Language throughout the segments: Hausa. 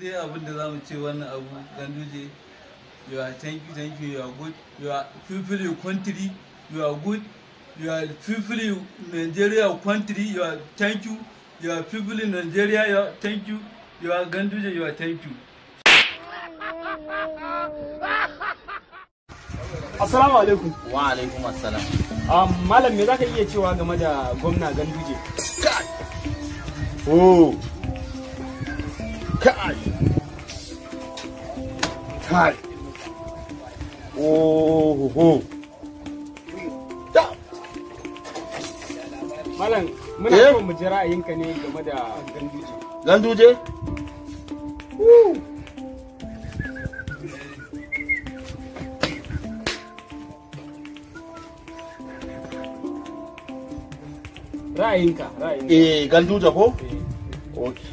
dai abin da za mu ce wannan abu ganduje you are thank you thank you you are good you are fulfill your country you are good you are fulfill nigeria country you are thank you you are fulfill nigeria you are thank you you are ganduje you are thank you Assalamu alaikum. Wa alaikum assalam. Um, Malam me zaka iya cewa game da gwamna Ganduje? Oh, kai kai oho malam muna eh? so mu ji ra'ayinka ne game da ganduje ganduje ra'ayinka ra'ayinka eh ganduje ko eh. okay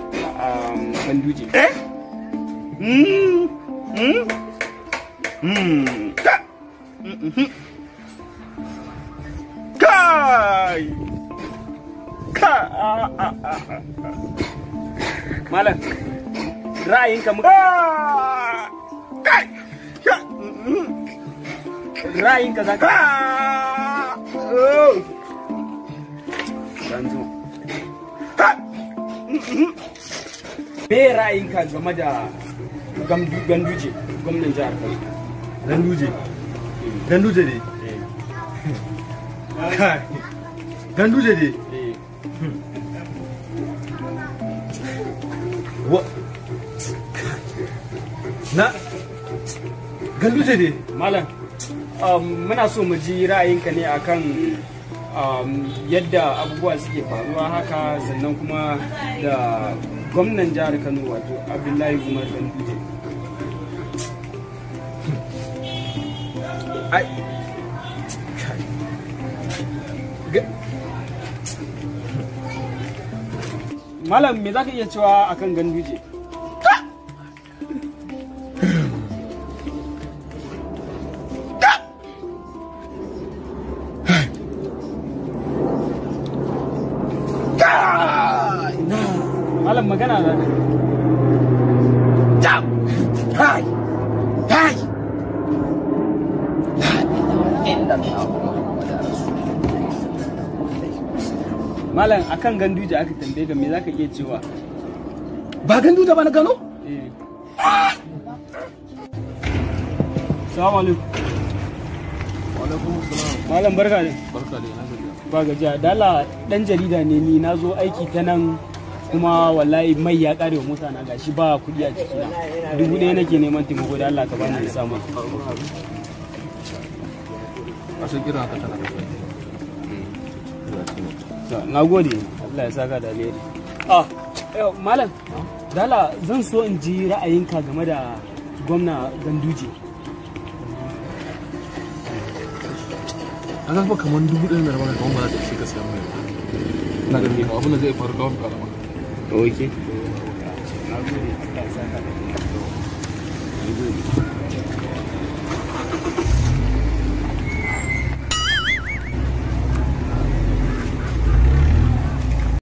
Banduji. Eh? Hmm. Hmm. Hmm. Ka. Kai. Ka. Malam. Ra'ayinka muka. Kai. Ra'ayinka za ka. Oh. me ka game da ganduje gwamnan jihar kano ganduje ganduje ne eh. ganduje ne eh. na ganduje malam um, muna so mu ji ra'ayinka ne akan Um, yadda abubuwa suke faruwa haka sannan kuma da gwamnan jihar kano wato abdullahi umar ganduje malam me za ka iya cewa akan ganduje malam magana na jam hai hai malam akan gandu da aka tambaye ga me zaka iya cewa ba gandu da ba na gano eh salamu alaikum alaikum salam malam barka ne barka ne na gajiya ba gajiya dala dan jarida ne ni na zo aiki ta nan kuma wallahi mai ya kare wa mota na gashi ba kuɗi a jikina dubu ɗaya nake neman taimako da Allah ka bani ya samu na gode Allah ya saka da alheri ah eh, malam dala zan so in ji ra'ayinka game da gwamna ganduje a zafi kamar dubu ɗaya da rabar da wani ba za ta ishe ka samu mai na ganin abin da zai faru da wani 多一些。那屋里带三百多，一个月。